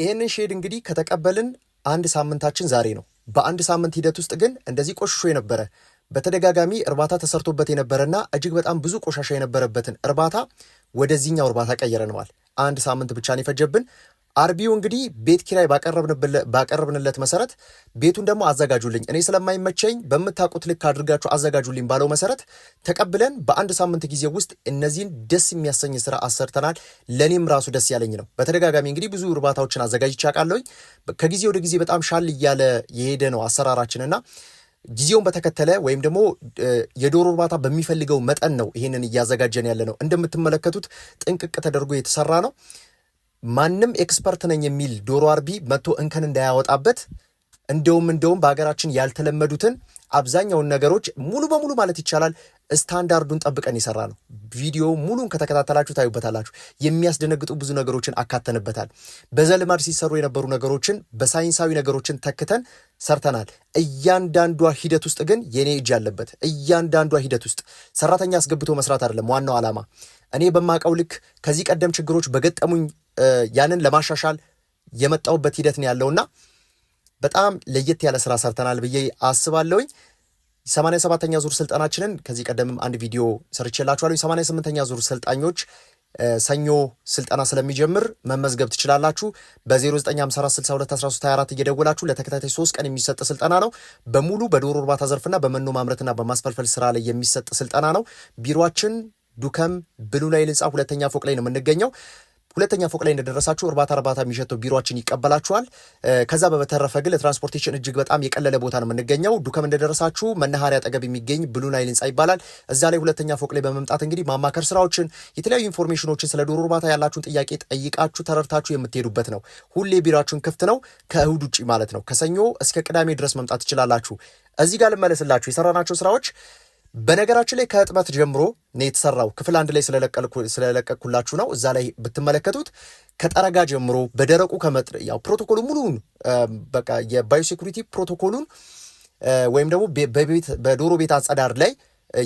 ይሄንን ሼድ እንግዲህ ከተቀበልን አንድ ሳምንታችን ዛሬ ነው። በአንድ ሳምንት ሂደት ውስጥ ግን እንደዚህ ቆሽሾ የነበረ በተደጋጋሚ እርባታ ተሰርቶበት የነበረና እጅግ በጣም ብዙ ቆሻሻ የነበረበትን እርባታ ወደዚህኛው እርባታ ቀይረነዋል። አንድ ሳምንት ብቻ ነው የፈጀብን። አርቢው እንግዲህ ቤት ኪራይ ባቀረብንለት መሰረት ቤቱን ደግሞ አዘጋጁልኝ እኔ ስለማይመቸኝ በምታውቁት ልክ አድርጋችሁ አዘጋጁልኝ ባለው መሰረት ተቀብለን በአንድ ሳምንት ጊዜ ውስጥ እነዚህን ደስ የሚያሰኝ ስራ አሰርተናል። ለእኔም ራሱ ደስ ያለኝ ነው። በተደጋጋሚ እንግዲህ ብዙ እርባታዎችን አዘጋጅቼ አውቃለሁኝ። ከጊዜ ወደ ጊዜ በጣም ሻል እያለ የሄደ ነው አሰራራችንና ጊዜውን በተከተለ ወይም ደግሞ የዶሮ እርባታ በሚፈልገው መጠን ነው ይህንን እያዘጋጀን ያለ ነው። እንደምትመለከቱት ጥንቅቅ ተደርጎ የተሰራ ነው። ማንም ኤክስፐርት ነኝ የሚል ዶሮ አርቢ መጥቶ እንከን እንዳያወጣበት እንደውም እንደውም በሀገራችን ያልተለመዱትን አብዛኛውን ነገሮች ሙሉ በሙሉ ማለት ይቻላል ስታንዳርዱን ጠብቀን የሰራ ነው። ቪዲዮ ሙሉን ከተከታተላችሁ ታዩበታላችሁ። የሚያስደነግጡ ብዙ ነገሮችን አካተንበታል። በዘልማድ ሲሰሩ የነበሩ ነገሮችን በሳይንሳዊ ነገሮችን ተክተን ሰርተናል። እያንዳንዷ ሂደት ውስጥ ግን የኔ እጅ አለበት እያንዳንዷ ሂደት ውስጥ ሰራተኛ አስገብቶ መስራት አይደለም ዋናው ዓላማ እኔ በማውቀው ልክ ከዚህ ቀደም ችግሮች በገጠሙኝ ያንን ለማሻሻል የመጣውበት ሂደት ነው ያለውና በጣም ለየት ያለ ስራ ሰርተናል ብዬ አስባለሁኝ። ሰማንያ ሰባተኛ ዙር ስልጠናችንን ከዚህ ቀደምም አንድ ቪዲዮ ሰርቼላችኋለሁ። ሰማንያ ስምንተኛ ዙር ሰልጣኞች ሰኞ ስልጠና ስለሚጀምር መመዝገብ ትችላላችሁ። በ0954621324 እየደወላችሁ ለተከታታይ ሶስት ቀን የሚሰጥ ስልጠና ነው። በሙሉ በዶሮ እርባታ ዘርፍና በመኖ ማምረትና በማስፈልፈል ስራ ላይ የሚሰጥ ስልጠና ነው። ቢሮችን ዱከም ብሉ ናይል ህንፃ ሁለተኛ ፎቅ ላይ ነው የምንገኘው። ሁለተኛ ፎቅ ላይ እንደደረሳችሁ እርባታ እርባታ የሚሸተው ቢሮችን ይቀበላችኋል። ከዛ በተረፈ ግን ለትራንስፖርቴሽን እጅግ በጣም የቀለለ ቦታ ነው የምንገኘው። ዱከም እንደደረሳችሁ መናኸሪያ አጠገብ የሚገኝ ብሉ ናይል ህንፃ ይባላል። እዛ ላይ ሁለተኛ ፎቅ ላይ በመምጣት እንግዲህ ማማከር ስራዎችን፣ የተለያዩ ኢንፎርሜሽኖችን ስለ ዶሮ እርባታ ያላችሁን ጥያቄ ጠይቃችሁ ተረድታችሁ የምትሄዱበት ነው። ሁሌ ቢሮችን ክፍት ነው፣ ከእሁድ ውጭ ማለት ነው። ከሰኞ እስከ ቅዳሜ ድረስ መምጣት ትችላላችሁ። እዚህ ጋር ልመለስላችሁ የሰራናቸው ስራዎች በነገራችን ላይ ከህጥመት ጀምሮ ነው የተሰራው። ክፍል አንድ ላይ ስለለቀቅኩላችሁ ነው። እዛ ላይ ብትመለከቱት ከጠረጋ ጀምሮ በደረቁ ከመጥ ያው ፕሮቶኮሉ ሙሉን በቃ የባዮሴኩሪቲ ፕሮቶኮሉን ወይም ደግሞ በቤት በዶሮ ቤት አጸዳር ላይ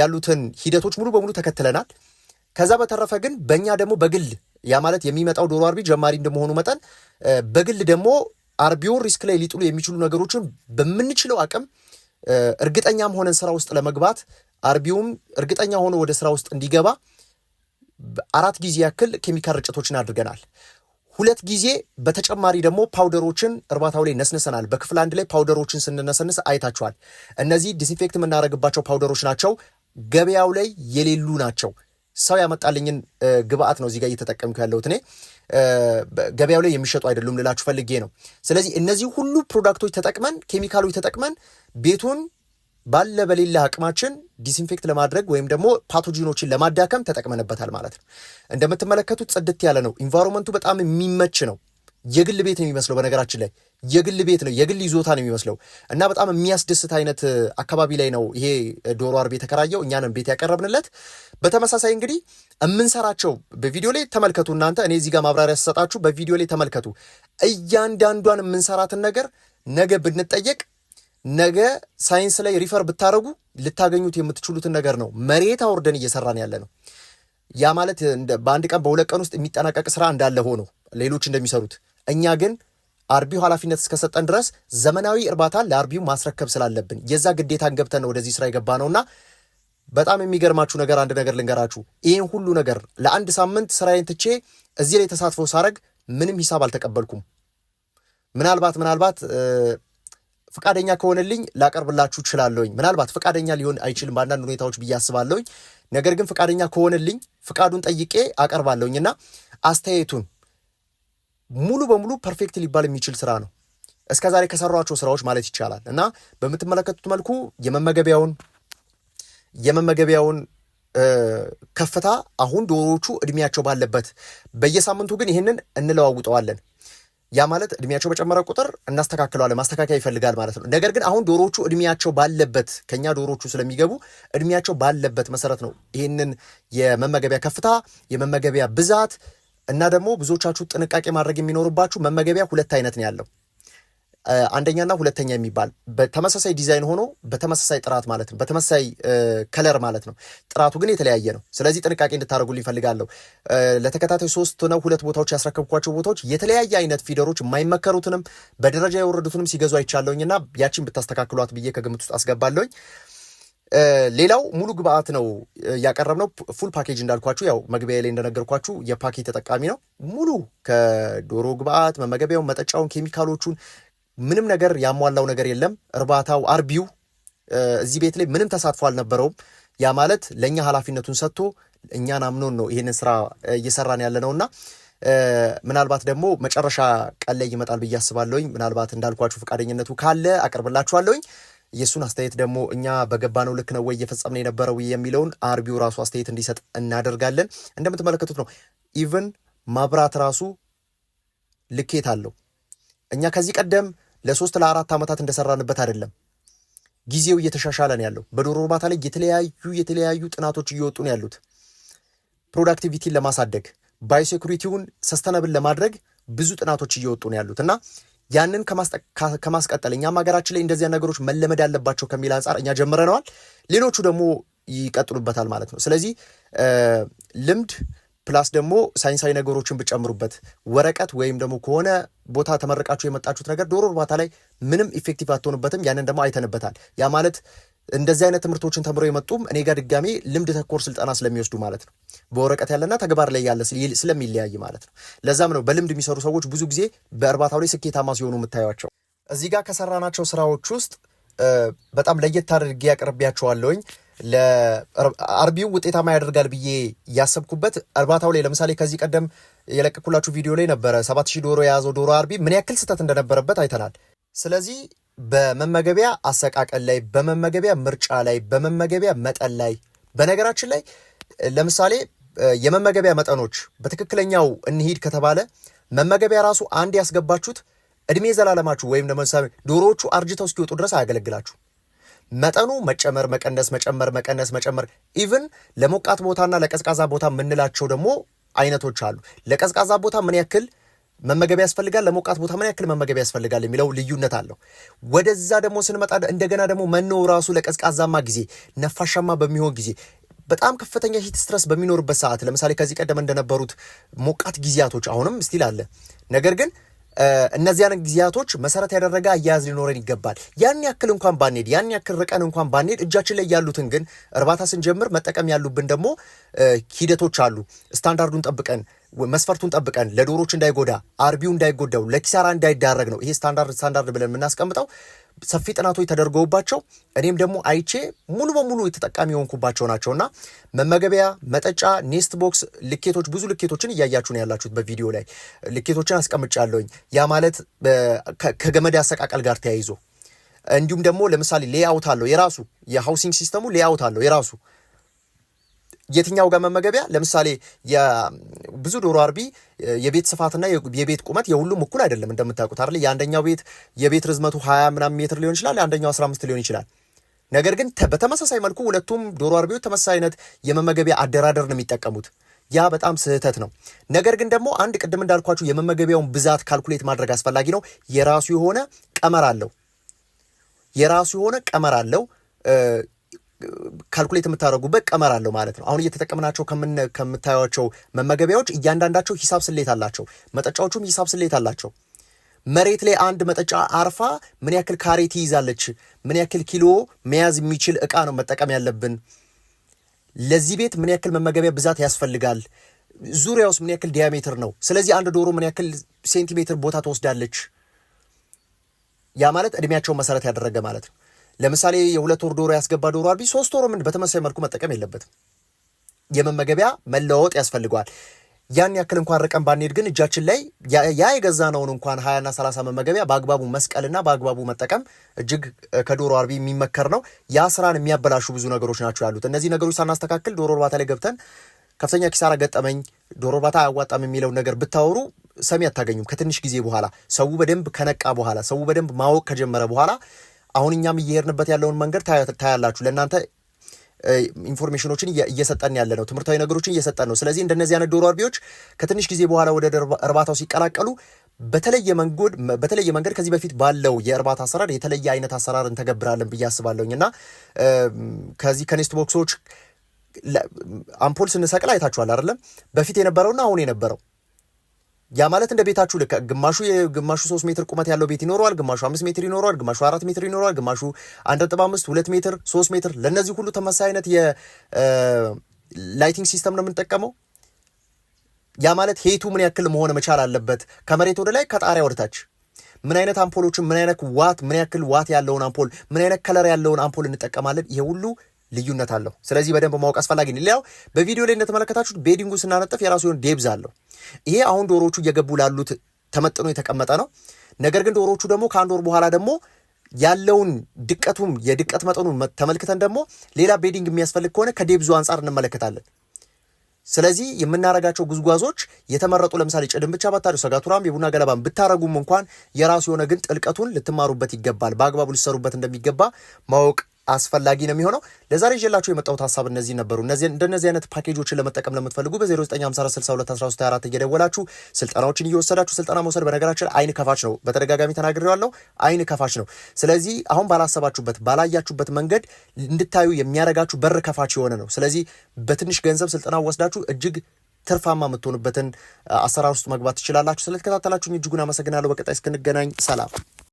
ያሉትን ሂደቶች ሙሉ በሙሉ ተከትለናል። ከዛ በተረፈ ግን በእኛ ደግሞ በግል ያ ማለት የሚመጣው ዶሮ አርቢ ጀማሪ እንደመሆኑ መጠን በግል ደግሞ አርቢውን ሪስክ ላይ ሊጥሉ የሚችሉ ነገሮችን በምንችለው አቅም እርግጠኛም ሆነን ስራ ውስጥ ለመግባት አርቢውም እርግጠኛ ሆኖ ወደ ስራ ውስጥ እንዲገባ አራት ጊዜ ያክል ኬሚካል ርጭቶችን አድርገናል። ሁለት ጊዜ በተጨማሪ ደግሞ ፓውደሮችን እርባታው ላይ ነስንሰናል። በክፍል አንድ ላይ ፓውደሮችን ስንነሰንስ አይታችኋል። እነዚህ ዲስኢንፌክት የምናደርግባቸው ፓውደሮች ናቸው። ገበያው ላይ የሌሉ ናቸው። ሰው ያመጣልኝን ግብአት ነው እዚህ ጋር እየተጠቀምኩ ያለሁት እኔ። ገበያው ላይ የሚሸጡ አይደሉም ልላችሁ ፈልጌ ነው። ስለዚህ እነዚህ ሁሉ ፕሮዳክቶች ተጠቅመን ኬሚካሎች ተጠቅመን ቤቱን ባለ በሌላ አቅማችን ዲስኢንፌክት ለማድረግ ወይም ደግሞ ፓቶጂኖችን ለማዳከም ተጠቅመንበታል ማለት ነው። እንደምትመለከቱት ጽድት ያለ ነው። ኢንቫይሮንመንቱ በጣም የሚመች ነው። የግል ቤት ነው የሚመስለው። በነገራችን ላይ የግል ቤት ነው፣ የግል ይዞታ ነው የሚመስለው እና በጣም የሚያስደስት አይነት አካባቢ ላይ ነው ይሄ ዶሮ አርብ የተከራየው። እኛንም ቤት ያቀረብንለት። በተመሳሳይ እንግዲህ የምንሰራቸው በቪዲዮ ላይ ተመልከቱ እናንተ። እኔ እዚህ ጋር ማብራሪያ ስሰጣችሁ በቪዲዮ ላይ ተመልከቱ። እያንዳንዷን የምንሰራትን ነገር ነገ ብንጠየቅ ነገ ሳይንስ ላይ ሪፈር ብታደረጉ ልታገኙት የምትችሉትን ነገር ነው። መሬት አውርደን እየሰራን ያለ ነው። ያ ማለት በአንድ ቀን በሁለት ቀን ውስጥ የሚጠናቀቅ ስራ እንዳለ ሆኖ ሌሎች እንደሚሰሩት እኛ ግን አርቢው ኃላፊነት እስከሰጠን ድረስ ዘመናዊ እርባታን ለአርቢው ማስረከብ ስላለብን የዛ ግዴታን ገብተን ነው ወደዚህ ስራ የገባ ነውና በጣም የሚገርማችሁ ነገር አንድ ነገር ልንገራችሁ። ይህን ሁሉ ነገር ለአንድ ሳምንት ስራዬን ትቼ እዚህ ላይ ተሳትፎ ሳረግ ምንም ሂሳብ አልተቀበልኩም። ምናልባት ምናልባት ፈቃደኛ ከሆነልኝ ላቀርብላችሁ እችላለሁኝ። ምናልባት ፈቃደኛ ሊሆን አይችልም በአንዳንድ ሁኔታዎች ብዬ አስባለሁኝ። ነገር ግን ፈቃደኛ ከሆነልኝ ፍቃዱን ጠይቄ አቀርባለሁኝ እና አስተያየቱን ሙሉ በሙሉ ፐርፌክት ሊባል የሚችል ስራ ነው እስከዛሬ ከሰሯቸው ስራዎች ማለት ይቻላል እና በምትመለከቱት መልኩ የመመገቢያውን የመመገቢያውን ከፍታ አሁን ዶሮዎቹ እድሜያቸው ባለበት በየሳምንቱ ግን ይህንን እንለዋውጠዋለን። ያ ማለት እድሜያቸው በጨመረ ቁጥር እናስተካክለዋለን። ማስተካከያ ይፈልጋል ማለት ነው። ነገር ግን አሁን ዶሮዎቹ እድሜያቸው ባለበት ከኛ ዶሮዎቹ ስለሚገቡ እድሜያቸው ባለበት መሰረት ነው ይህንን የመመገቢያ ከፍታ፣ የመመገቢያ ብዛት እና ደግሞ ብዙዎቻችሁ ጥንቃቄ ማድረግ የሚኖርባችሁ መመገቢያ ሁለት አይነት ነው ያለው አንደኛና ሁለተኛ የሚባል በተመሳሳይ ዲዛይን ሆኖ በተመሳሳይ ጥራት ማለት ነው፣ በተመሳሳይ ከለር ማለት ነው። ጥራቱ ግን የተለያየ ነው። ስለዚህ ጥንቃቄ እንድታደርጉልኝ እፈልጋለሁ። ለተከታታይ ሶስት ነው ሁለት ቦታዎች ያስረከብኳቸው ቦታዎች የተለያየ አይነት ፊደሮች የማይመከሩትንም በደረጃ የወረዱትንም ሲገዙ አይቻለሁኝ እና ያቺን ብታስተካክሏት ብዬ ከግምት ውስጥ አስገባለሁኝ። ሌላው ሙሉ ግብአት ነው ያቀረብነው። ፉል ፓኬጅ እንዳልኳችሁ ያው መግቢያ ላይ እንደነገርኳችሁ የፓኬጅ ተጠቃሚ ነው። ሙሉ ከዶሮ ግብአት መመገቢያውን፣ መጠጫውን፣ ኬሚካሎቹን ምንም ነገር ያሟላው ነገር የለም። እርባታው አርቢው እዚህ ቤት ላይ ምንም ተሳትፎ አልነበረውም። ያ ማለት ለእኛ ኃላፊነቱን ሰጥቶ እኛን አምኖን ነው ይህንን ስራ እየሰራን ያለ እና ምናልባት ደግሞ መጨረሻ ቀን ላይ ይመጣል ብዬ አስባለሁኝ። ምናልባት እንዳልኳችሁ ፈቃደኝነቱ ካለ አቅርብላችኋለሁኝ። የእሱን አስተያየት ደግሞ እኛ በገባነው ልክ ነው ወይ እየፈጸምን የነበረው የሚለውን አርቢው ራሱ አስተያየት እንዲሰጥ እናደርጋለን። እንደምትመለከቱት ነው ኢቭን ማብራት ራሱ ልኬት አለው። እኛ ከዚህ ቀደም ለሶስት ለአራት ዓመታት እንደሰራንበት አይደለም። ጊዜው እየተሻሻለ ነው ያለው። በዶሮ እርባታ ላይ የተለያዩ የተለያዩ ጥናቶች እየወጡ ነው ያሉት። ፕሮዳክቲቪቲን ለማሳደግ ባዮሴኩሪቲውን ሰስተነብል ለማድረግ ብዙ ጥናቶች እየወጡ ነው ያሉት እና ያንን ከማስቀጠል እኛም ሀገራችን ላይ እንደዚያ ነገሮች መለመድ ያለባቸው ከሚል አንጻር እኛ ጀምረነዋል። ሌሎቹ ደግሞ ይቀጥሉበታል ማለት ነው። ስለዚህ ልምድ ፕላስ ደግሞ ሳይንሳዊ ነገሮችን ብጨምሩበት ወረቀት ወይም ደግሞ ከሆነ ቦታ ተመረቃችሁ የመጣችሁት ነገር ዶሮ እርባታ ላይ ምንም ኢፌክቲቭ አትሆንበትም። ያንን ደግሞ አይተንበታል። ያ ማለት እንደዚህ አይነት ትምህርቶችን ተምሮ የመጡም እኔ ጋር ድጋሚ ልምድ ተኮር ስልጠና ስለሚወስዱ ማለት ነው። በወረቀት ያለና ተግባር ላይ ያለ ስለሚለያይ ማለት ነው። ለዛም ነው በልምድ የሚሰሩ ሰዎች ብዙ ጊዜ በእርባታው ላይ ስኬታማ ሲሆኑ የምታዩቸው። እዚህ ጋር ከሰራናቸው ስራዎች ውስጥ በጣም ለየት አድርጌ ያቀርቢያቸዋለሁኝ። ለአርቢው ውጤታማ ያደርጋል ብዬ ያሰብኩበት እርባታው ላይ ለምሳሌ ከዚህ ቀደም የለቀኩላችሁ ቪዲዮ ላይ ነበረ ሰባት ሺህ ዶሮ የያዘው ዶሮ አርቢ ምን ያክል ስህተት እንደነበረበት አይተናል። ስለዚህ በመመገቢያ አሰቃቀል ላይ፣ በመመገቢያ ምርጫ ላይ፣ በመመገቢያ መጠን ላይ በነገራችን ላይ ለምሳሌ የመመገቢያ መጠኖች በትክክለኛው እንሂድ ከተባለ መመገቢያ ራሱ አንድ ያስገባችሁት እድሜ ዘላለማችሁ ወይም ለምሳሌ ዶሮዎቹ አርጅተው እስኪወጡ ድረስ አያገለግላችሁ መጠኑ መጨመር መቀነስ መጨመር መቀነስ መጨመር ኢቭን ለሞቃት ቦታና ለቀዝቃዛ ቦታ የምንላቸው ደግሞ አይነቶች አሉ። ለቀዝቃዛ ቦታ ምን ያክል መመገብ ያስፈልጋል፣ ለሞቃት ቦታ ምን ያክል መመገብ ያስፈልጋል የሚለው ልዩነት አለው። ወደዛ ደግሞ ስንመጣ እንደገና ደግሞ መኖ ራሱ ለቀዝቃዛማ ጊዜ ነፋሻማ በሚሆን ጊዜ በጣም ከፍተኛ ሂት ስትረስ በሚኖርበት ሰዓት ለምሳሌ ከዚህ ቀደም እንደነበሩት ሞቃት ጊዜያቶች አሁንም ስቲል አለ ነገር ግን እነዚያን ጊዜያቶች መሰረት ያደረገ አያያዝ ሊኖረን ይገባል። ያን ያክል እንኳን ባንሄድ፣ ያን ያክል ርቀን እንኳን ባንሄድ፣ እጃችን ላይ ያሉትን ግን እርባታ ስንጀምር መጠቀም ያሉብን ደግሞ ሂደቶች አሉ። ስታንዳርዱን ጠብቀን መስፈርቱን ጠብቀን ለዶሮች እንዳይጎዳ አርቢው እንዳይጎዳው ለኪሳራ እንዳይዳረግ ነው ይሄ ስታንዳርድ ስታንዳርድ ብለን የምናስቀምጠው። ሰፊ ጥናቶች ተደርገውባቸው እኔም ደግሞ አይቼ ሙሉ በሙሉ የተጠቃሚ የሆንኩባቸው እና መመገቢያ፣ መጠጫ፣ ኔስት ቦክስ ልኬቶች፣ ብዙ ልኬቶችን እያያችሁ ነው ያላችሁት። በቪዲዮ ላይ ልኬቶችን አስቀምጫለሁኝ። ያ ማለት ከገመድ አሰቃቀል ጋር ተያይዞ እንዲሁም ደግሞ ለምሳሌ ሌአውት አለው የራሱ የሃውሲንግ ሲስተሙ ሌአውት አለው የራሱ የትኛው ጋር መመገቢያ ለምሳሌ ብዙ ዶሮ አርቢ የቤት ስፋትና የቤት ቁመት የሁሉም እኩል አይደለም እንደምታውቁት አይደል የአንደኛው ቤት የቤት ርዝመቱ ሀያ ምናምን ሜትር ሊሆን ይችላል የአንደኛው አስራ አምስት ሊሆን ይችላል ነገር ግን በተመሳሳይ መልኩ ሁለቱም ዶሮ አርቢዎች ተመሳሳይ አይነት የመመገቢያ አደራደር ነው የሚጠቀሙት ያ በጣም ስህተት ነው። ነገር ግን ደግሞ አንድ ቅድም እንዳልኳችሁ የመመገቢያውን ብዛት ካልኩሌት ማድረግ አስፈላጊ ነው። የራሱ የሆነ ቀመር አለው። የራሱ የሆነ ቀመር አለው። ካልኩሌት የምታደረጉበት ቀመር አለው ማለት ነው። አሁን እየተጠቀምናቸው ከምታዩቸው መመገቢያዎች እያንዳንዳቸው ሂሳብ ስሌት አላቸው። መጠጫዎቹም ሂሳብ ስሌት አላቸው። መሬት ላይ አንድ መጠጫ አርፋ ምን ያክል ካሬ ትይዛለች፣ ምን ያክል ኪሎ መያዝ የሚችል እቃ ነው መጠቀም ያለብን፣ ለዚህ ቤት ምን ያክል መመገቢያ ብዛት ያስፈልጋል፣ ዙሪያ ውስጥ ምን ያክል ዲያሜትር ነው፣ ስለዚህ አንድ ዶሮ ምን ያክል ሴንቲሜትር ቦታ ትወስዳለች። ያ ማለት እድሜያቸውን መሰረት ያደረገ ማለት ነው። ለምሳሌ የሁለት ወር ዶሮ ያስገባ ዶሮ አርቢ ሶስት ወር ምን በተመሳሳይ መልኩ መጠቀም የለበትም። የመመገቢያ መለዋወጥ ያስፈልገዋል። ያን ያክል እንኳን ርቀን ባንሄድ ግን እጃችን ላይ ያ የገዛነውን እንኳን ሀያና ሰላሳ መመገቢያ በአግባቡ መስቀልና በአግባቡ መጠቀም እጅግ ከዶሮ አርቢ የሚመከር ነው። ያ ስራን የሚያበላሹ ብዙ ነገሮች ናቸው ያሉት። እነዚህ ነገሮች ሳናስተካክል ዶሮ እርባታ ላይ ገብተን ከፍተኛ ኪሳራ ገጠመኝ፣ ዶሮ እርባታ አያዋጣም የሚለው ነገር ብታወሩ ሰሚ አታገኙም። ከትንሽ ጊዜ በኋላ ሰው በደንብ ከነቃ በኋላ ሰው በደንብ ማወቅ ከጀመረ በኋላ አሁን እኛም እየሄድንበት ያለውን መንገድ ታያላችሁ። ለእናንተ ኢንፎርሜሽኖችን እየሰጠን ያለ ነው። ትምህርታዊ ነገሮችን እየሰጠን ነው። ስለዚህ እንደነዚህ አይነት ዶሮ አርቢዎች ከትንሽ ጊዜ በኋላ ወደ እርባታው ሲቀላቀሉ በተለየ መንገድ በተለየ መንገድ ከዚህ በፊት ባለው የእርባታ አሰራር የተለየ አይነት አሰራር እንተገብራለን ብዬ አስባለሁኝ እና ከዚህ ከኔስት ቦክሶች አምፖል ስንሰቅል አይታችኋል አይደለም? በፊት የነበረውና አሁን የነበረው ያ ማለት እንደ ቤታችሁ ልክ ግማሹ ግማሹ ሶስት ሜትር ቁመት ያለው ቤት ይኖረዋል፣ ግማሹ አምስት ሜትር ይኖረዋል፣ ግማሹ አራት ሜትር ይኖረዋል፣ ግማሹ አንድ ነጥብ አምስት ሁለት ሜትር ሶስት ሜትር። ለእነዚህ ሁሉ ተመሳሳይ አይነት የላይቲንግ ሲስተም ነው የምንጠቀመው። ያ ማለት ሄቱ ምን ያክል መሆን መቻል አለበት? ከመሬት ወደ ላይ፣ ከጣሪያ ወደ ታች ምን አይነት አምፖሎችን ምን አይነት ዋት ምን ያክል ዋት ያለውን አምፖል ምን አይነት ከለር ያለውን አምፖል እንጠቀማለን። ይሄ ሁሉ ልዩነት አለው። ስለዚህ በደንብ ማወቅ አስፈላጊ ነው። ሌላው በቪዲዮ ላይ እንደተመለከታችሁት ቤዲንጉ ስናነጥፍ የራሱ የሆነ ዴብዝ አለው። ይሄ አሁን ዶሮቹ እየገቡ ላሉት ተመጥኖ የተቀመጠ ነው። ነገር ግን ዶሮቹ ደግሞ ከአንድ ወር በኋላ ደግሞ ያለውን ድቀቱም የድቀት መጠኑን ተመልክተን ደግሞ ሌላ ቤዲንግ የሚያስፈልግ ከሆነ ከዴብዙ አንጻር እንመለከታለን። ስለዚህ የምናረጋቸው ጉዝጓዞች የተመረጡ ለምሳሌ ጭድን ብቻ ባታዱ ሰጋቱራም የቡና ገለባን ብታረጉም እንኳን የራሱ የሆነ ግን ጥልቀቱን ልትማሩበት ይገባል። በአግባቡ ሊሰሩበት እንደሚገባ ማወቅ አስፈላጊ ነው የሚሆነው። ለዛሬ ይዤላችሁ የመጣሁት ሀሳብ እነዚህ ነበሩ። እንደነዚህ አይነት ፓኬጆችን ለመጠቀም ለምትፈልጉ በ0954621224 እየደወላችሁ ስልጠናዎችን እየወሰዳችሁ ስልጠና መውሰድ በነገራችን አይን ከፋች ነው። በተደጋጋሚ ተናግሬዋለሁ፣ አይን ከፋች ነው። ስለዚህ አሁን ባላሰባችሁበት ባላያችሁበት መንገድ እንድታዩ የሚያደርጋችሁ በር ከፋች የሆነ ነው። ስለዚህ በትንሽ ገንዘብ ስልጠና ወስዳችሁ እጅግ ትርፋማ የምትሆኑበትን አሰራር ውስጥ መግባት ትችላላችሁ። ስለተከታተላችሁኝ እጅጉን አመሰግናለሁ። በቀጣይ እስክንገናኝ ሰላም።